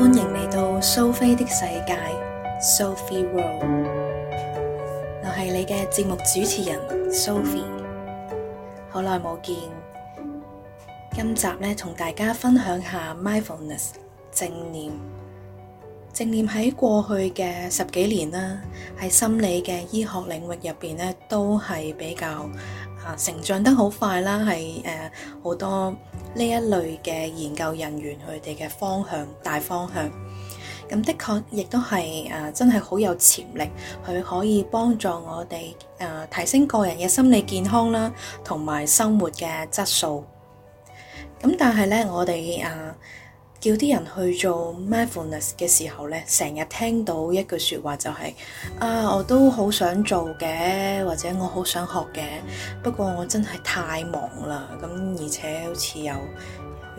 歡迎嚟到蘇菲的世界，Sophie World，我係你嘅節目主持人 Sophie，好耐冇見，今集呢同大家分享一下 mindfulness 正念。正念喺過去嘅十幾年啦，喺心理嘅醫學領域入邊咧，都係比較啊成長得好快啦。係誒好多呢一類嘅研究人員佢哋嘅方向、大方向，咁的確亦都係誒真係好有潛力，佢可以幫助我哋誒、呃、提升個人嘅心理健康啦，同埋生活嘅質素。咁但係咧，我哋啊～、呃叫啲人去做 mindfulness 嘅時候咧，成日聽到一句説話就係、是：啊，我都好想做嘅，或者我好想學嘅，不過我真係太忙啦。咁而且好似有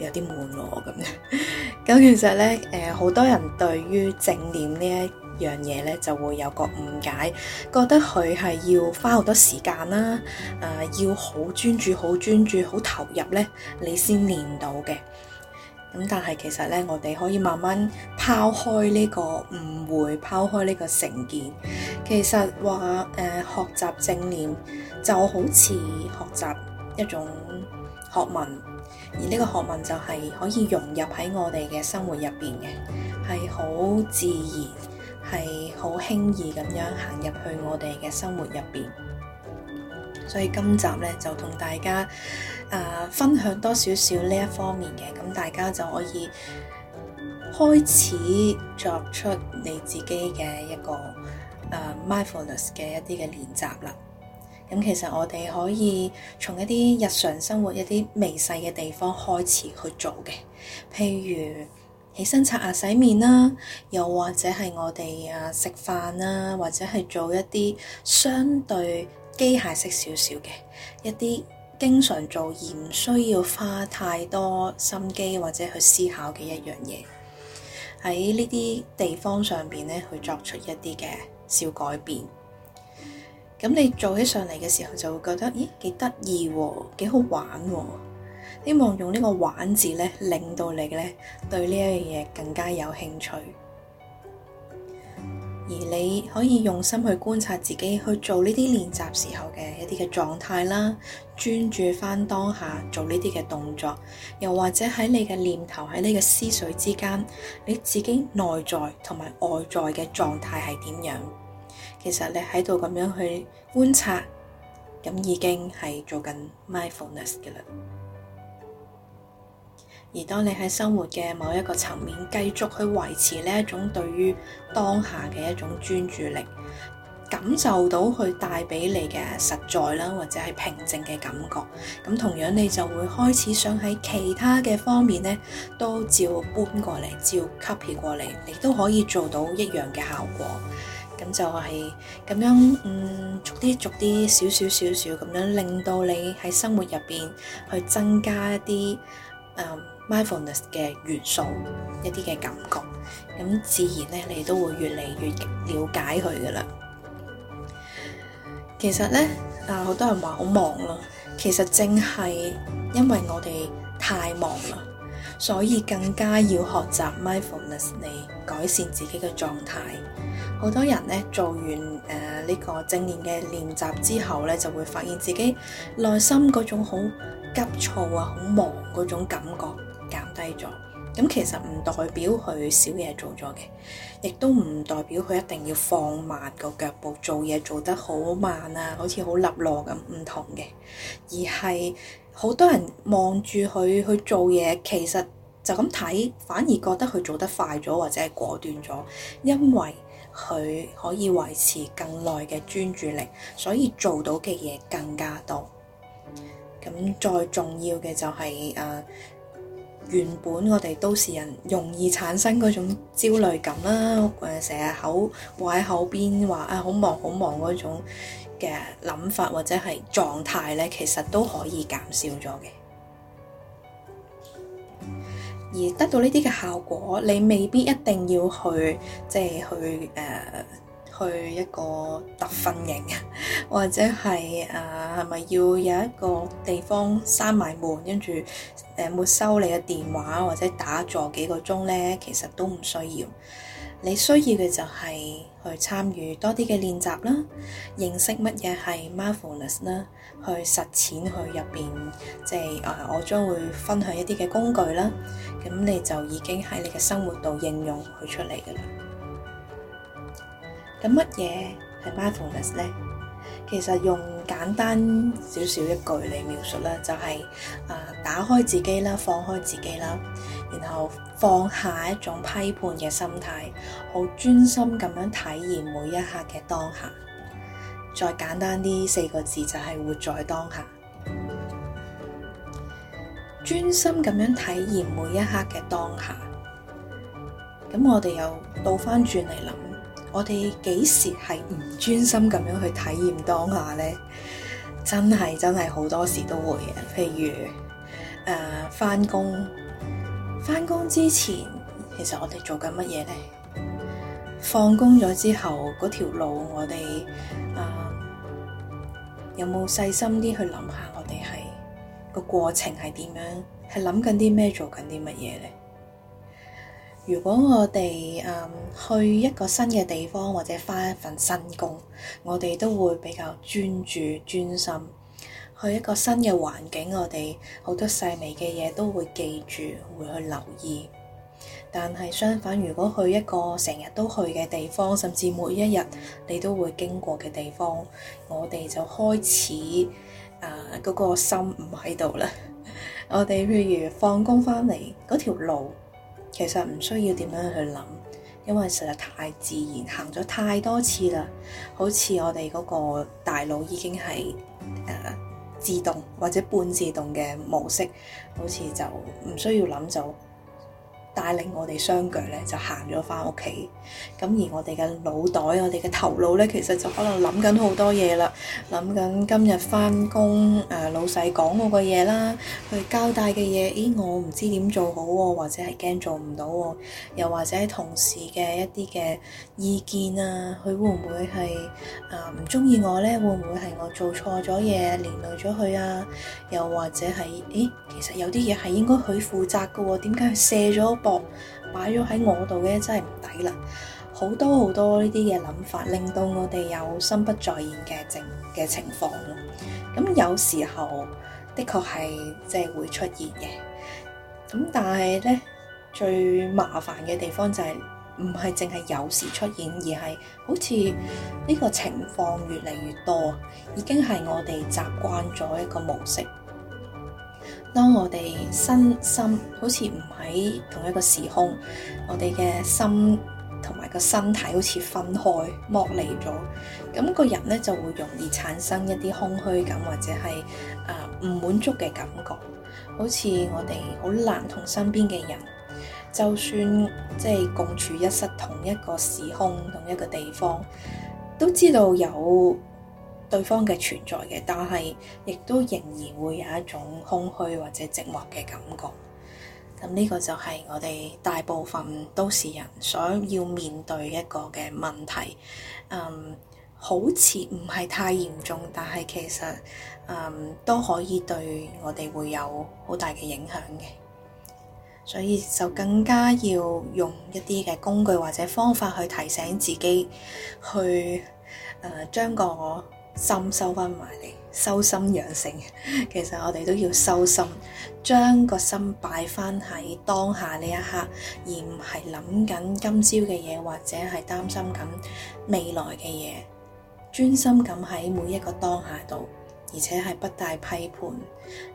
有啲悶喎咁。咁 其實咧，誒、呃、好多人對於正念一呢一樣嘢咧，就會有個誤解，覺得佢係要花好多時間啦，啊、呃、要好專注、好專注、好投入咧，你先練到嘅。咁但係其實咧，我哋可以慢慢拋開呢個誤會，拋開呢個成見。其實話誒、呃，學習正念就好似學習一種學問，而呢個學問就係可以融入喺我哋嘅生活入邊嘅，係好自然，係好輕易咁樣行入去我哋嘅生活入邊。所以今集咧就同大家啊、呃、分享多少少呢一方面嘅，咁大家就可以開始作出你自己嘅一個啊、呃、mindfulness 嘅一啲嘅練習啦。咁、嗯、其實我哋可以從一啲日常生活一啲微細嘅地方開始去做嘅，譬如起身刷牙洗面啦，又或者係我哋啊食飯啦，或者係做一啲相對機械式少少嘅一啲，一經常做而唔需要花太多心機或者去思考嘅一樣嘢，喺呢啲地方上邊咧，去作出一啲嘅小改變。咁你做起上嚟嘅時候，就會覺得咦，幾得意，幾好玩。希望用呢個玩字咧，令到你咧對呢一樣嘢更加有興趣。而你可以用心去觀察自己去做呢啲練習時候嘅一啲嘅狀態啦，專注翻當下做呢啲嘅動作，又或者喺你嘅念頭喺你嘅思緒之間，你自己內在同埋外在嘅狀態係點樣？其實你喺度咁樣去觀察，咁已經係做緊 mindfulness 嘅啦。而當你喺生活嘅某一個層面繼續去維持呢一種對於當下嘅一種專注力，感受到佢帶俾你嘅實在啦，或者係平靜嘅感覺，咁同樣你就會開始想喺其他嘅方面呢，都照搬過嚟，照 copy 過嚟，你都可以做到一樣嘅效果。咁就係咁樣，嗯，逐啲逐啲少少少少咁樣，令到你喺生活入邊去增加一啲，嗯，mindfulness 嘅元素一啲嘅感覺，咁自然咧，你都會越嚟越了解佢噶啦。其實咧，啊，好多人話好忙咯，其實正係因為我哋太忙啦，所以更加要學習 mindfulness 嚟改善自己嘅狀態。好多人咧做完誒呢，啊呢個正念嘅練習之後咧，就會發現自己內心嗰種好急躁啊、好忙嗰種感覺。低咗，咁其實唔代表佢少嘢做咗嘅，亦都唔代表佢一定要放慢個腳步，做嘢做得好慢啊，好似好立落咁唔同嘅，而係好多人望住佢去做嘢，其實就咁睇，反而覺得佢做得快咗或者係果斷咗，因為佢可以維持更耐嘅專注力，所以做到嘅嘢更加多。咁再重要嘅就係、是、誒。呃原本我哋都市人容易產生嗰種焦慮感啦，誒，成 日口話喺口邊話啊，好忙好忙嗰種嘅諗法或者係狀態咧，其實都可以減少咗嘅。而得到呢啲嘅效果，你未必一定要去，即、就、係、是、去誒。呃去一個特訓營，或者係啊，係咪要有一個地方閂埋門，跟住誒沒收你嘅電話，或者打坐幾個鐘呢？其實都唔需要。你需要嘅就係去參與多啲嘅練習啦，認識乜嘢係 mindfulness 啦，去實踐去入邊，即係啊，我將會分享一啲嘅工具啦。咁你就已經喺你嘅生活度應用佢出嚟㗎喇。咁乜嘢係 mindfulness 咧其實用簡單少少一句嚟描述咧就係、是、啊、呃、打開自己啦，放開自己啦，然後放下一種批判嘅心態，好專心咁樣體驗每一刻嘅當下。再簡單啲四個字就係活在當下，專心咁樣體驗每一刻嘅當下。咁我哋又倒翻轉嚟諗。我哋幾時係唔專心咁樣去體驗當下咧？真係真係好多時都會嘅，譬如誒，翻工，翻工之前其實我哋做緊乜嘢咧？放工咗之後嗰條路我，我哋誒，有冇細心啲去諗下我，我哋係個過程係點樣？係諗緊啲咩？做緊啲乜嘢咧？如果我哋，嗯、去一個新嘅地方或者翻一份新工，我哋都會比較專注專心。去一個新嘅環境，我哋好多細微嘅嘢都會記住，會去留意。但係相反，如果去一個成日都去嘅地方，甚至每一日你都會經過嘅地方，我哋就開始嗰，呃，嗰個心唔喺度啦。 我哋譬如放工翻嚟嗰條路。其實唔需要點樣去諗，因為實在太自然，行咗太多次啦，好似我哋嗰個大腦已經係誒、呃、自動或者半自動嘅模式，好似就唔需要諗就。帶領我哋雙腳咧，就行咗翻屋企。咁而我哋嘅腦袋，我哋嘅頭腦咧，其實就可能諗緊好多嘢啦。諗緊今日翻工，誒、啊、老細講嗰個嘢啦，佢交代嘅嘢，咦、欸，我唔知點做好喎、啊，或者係驚做唔到喎。又或者同事嘅一啲嘅意見啊，佢會唔會係誒唔中意我咧？會唔會係我做錯咗嘢，連累咗佢啊？又或者係、啊，誒、呃啊欸、其實有啲嘢係應該佢負責嘅喎、啊，點解佢卸咗？博擺咗喺我度嘅真係唔抵啦，好多好多呢啲嘅諗法，令到我哋有心不在焉嘅情嘅情況咯。咁有時候的確係即係會出現嘅，咁但係咧最麻煩嘅地方就係唔係淨係有時出現，而係好似呢個情況越嚟越多，已經係我哋習慣咗一個模式。當我哋身心好似唔喺同一個時空，我哋嘅心同埋個身體好似分開剝離咗，咁個人咧就會容易產生一啲空虛感或者係啊唔滿足嘅感覺，好似我哋好難同身邊嘅人，就算即係共處一室同一個時空同一個地方，都知道有對方嘅存在嘅，但係亦都仍然會有一種空虛或者寂寞嘅感覺。咁呢個就係我哋大部分都市人所要面對一個嘅問題。嗯，好似唔係太嚴重，但係其實嗯都可以對我哋會有好大嘅影響嘅。所以就更加要用一啲嘅工具或者方法去提醒自己去，去誒將個。心收翻埋嚟，修心養性。其實我哋都要收心，將個心擺翻喺當下呢一刻，而唔係諗緊今朝嘅嘢，或者係擔心緊未來嘅嘢，專心咁喺每一個當下度。而且係不帶批判，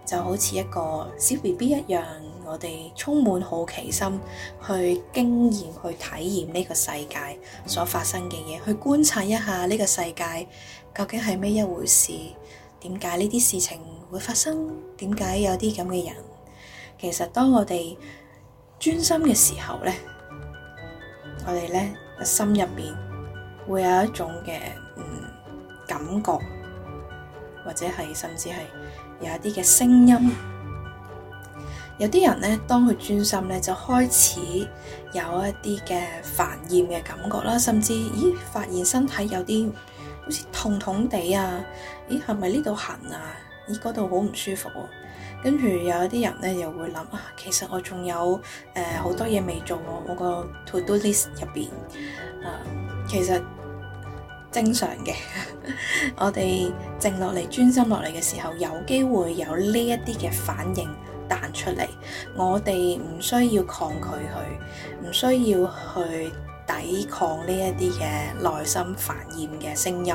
就好似一個小 BB 一樣，我哋充滿好奇心去經驗、去體驗呢個世界所發生嘅嘢，去觀察一下呢個世界究竟係咩一回事？點解呢啲事情會發生？點解有啲咁嘅人？其實當我哋專心嘅時候呢，我哋呢，心入邊會有一種嘅、嗯、感覺。或者係甚至係有一啲嘅聲音，有啲人咧，當佢專心咧，就開始有一啲嘅煩厭嘅感覺啦，甚至咦發現身體有啲好似痛痛地啊，咦係咪呢度痕啊？咦嗰度好唔舒服？跟住有一啲人咧，又會諗啊，其實我仲有誒好、呃、多嘢未做喎，啊，我個 to do list 入邊，啊，其實。正常嘅， 我哋靜落嚟，專心落嚟嘅時候，有機會有呢一啲嘅反應彈出嚟。我哋唔需要抗拒佢，唔需要去抵抗呢一啲嘅內心煩厭嘅聲音。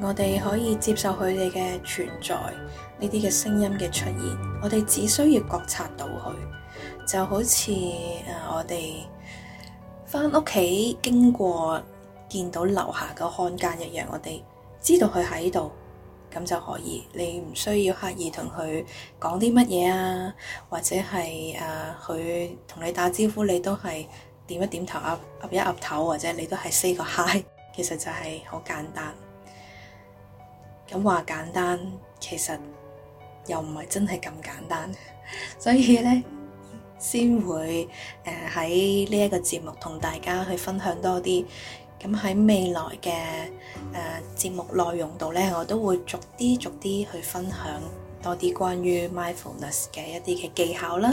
我哋可以接受佢哋嘅存在，呢啲嘅聲音嘅出現，我哋只需要覺察到佢。就好似誒，我哋翻屋企經過，見到樓下個看更一樣，我哋知道佢喺度，咁就可以。你唔需要刻意同佢講啲乜嘢啊，或者係誒佢同你打招呼，你都係點一點頭，岌、啊、岌、啊、一岌頭、啊頭，啊頭，啊、頭，或者你都係 say 個 hi。其實就係好簡單。咁話簡單，其實又唔係真係咁簡單， 所以呢，先會誒喺呢一個節目同大家去分享多啲。咁喺未來嘅誒節目內容度咧，我都會逐啲逐啲去分享多啲關於 mindfulness 嘅一啲嘅技巧啦、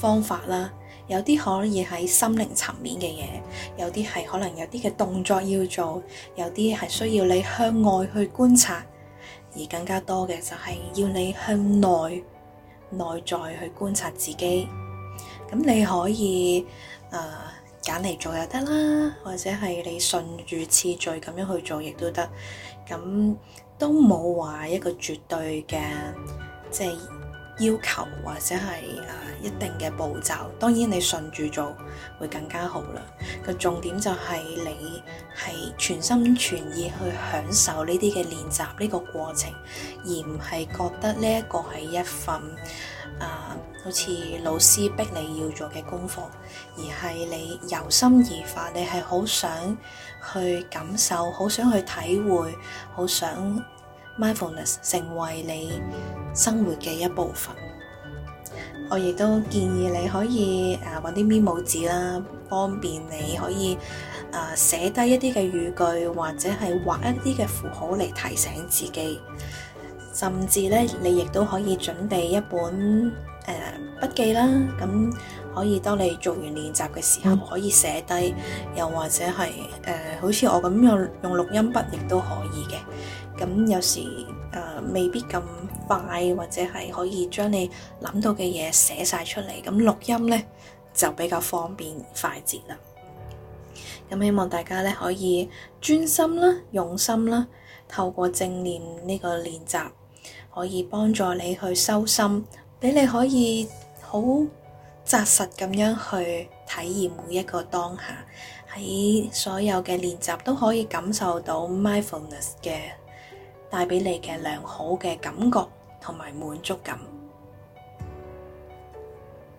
方法啦，有啲可以喺心靈層面嘅嘢，有啲係可能有啲嘅動作要做，有啲係需要你向外去觀察，而更加多嘅就係要你向內內在去觀察自己。咁你可以誒。呃揀嚟做又得啦，或者係你順住次序咁樣去做亦都得，咁都冇話一個絕對嘅即係，就是要求或者係啊一定嘅步驟，當然你順住做會更加好啦。個重點就係你係全心全意去享受呢啲嘅練習呢個過程，而唔係覺得呢一個係一份啊好似老師逼你要做嘅功課，而係你由心而發，你係好想去感受，好想去體會，好想。mindfulness 成為你生活嘅一部分。我亦都建議你可以誒揾啲 memo 紙啦，方便你可以誒寫低一啲嘅語句，或者係畫一啲嘅符號嚟提醒自己。甚至咧，你亦都可以準備一本誒筆記啦。咁可以當你做完練習嘅時候，可以寫低，又或者係誒、啊、好似我咁用用錄音筆亦都可以嘅。咁有時誒、呃、未必咁快，或者係可以將你諗到嘅嘢寫晒出嚟。咁錄音呢就比較方便快捷啦。咁希望大家咧可以專心啦、用心啦，透過正念呢個練習，可以幫助你去修心，俾你可以好紮實咁樣去體驗每一個當下，喺所有嘅練習都可以感受到 mindfulness 嘅。帶畀你嘅良好嘅感覺同埋滿足感，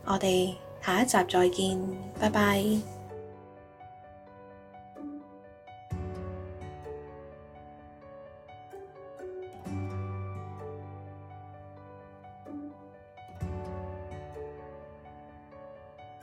我哋下一集再見，拜拜。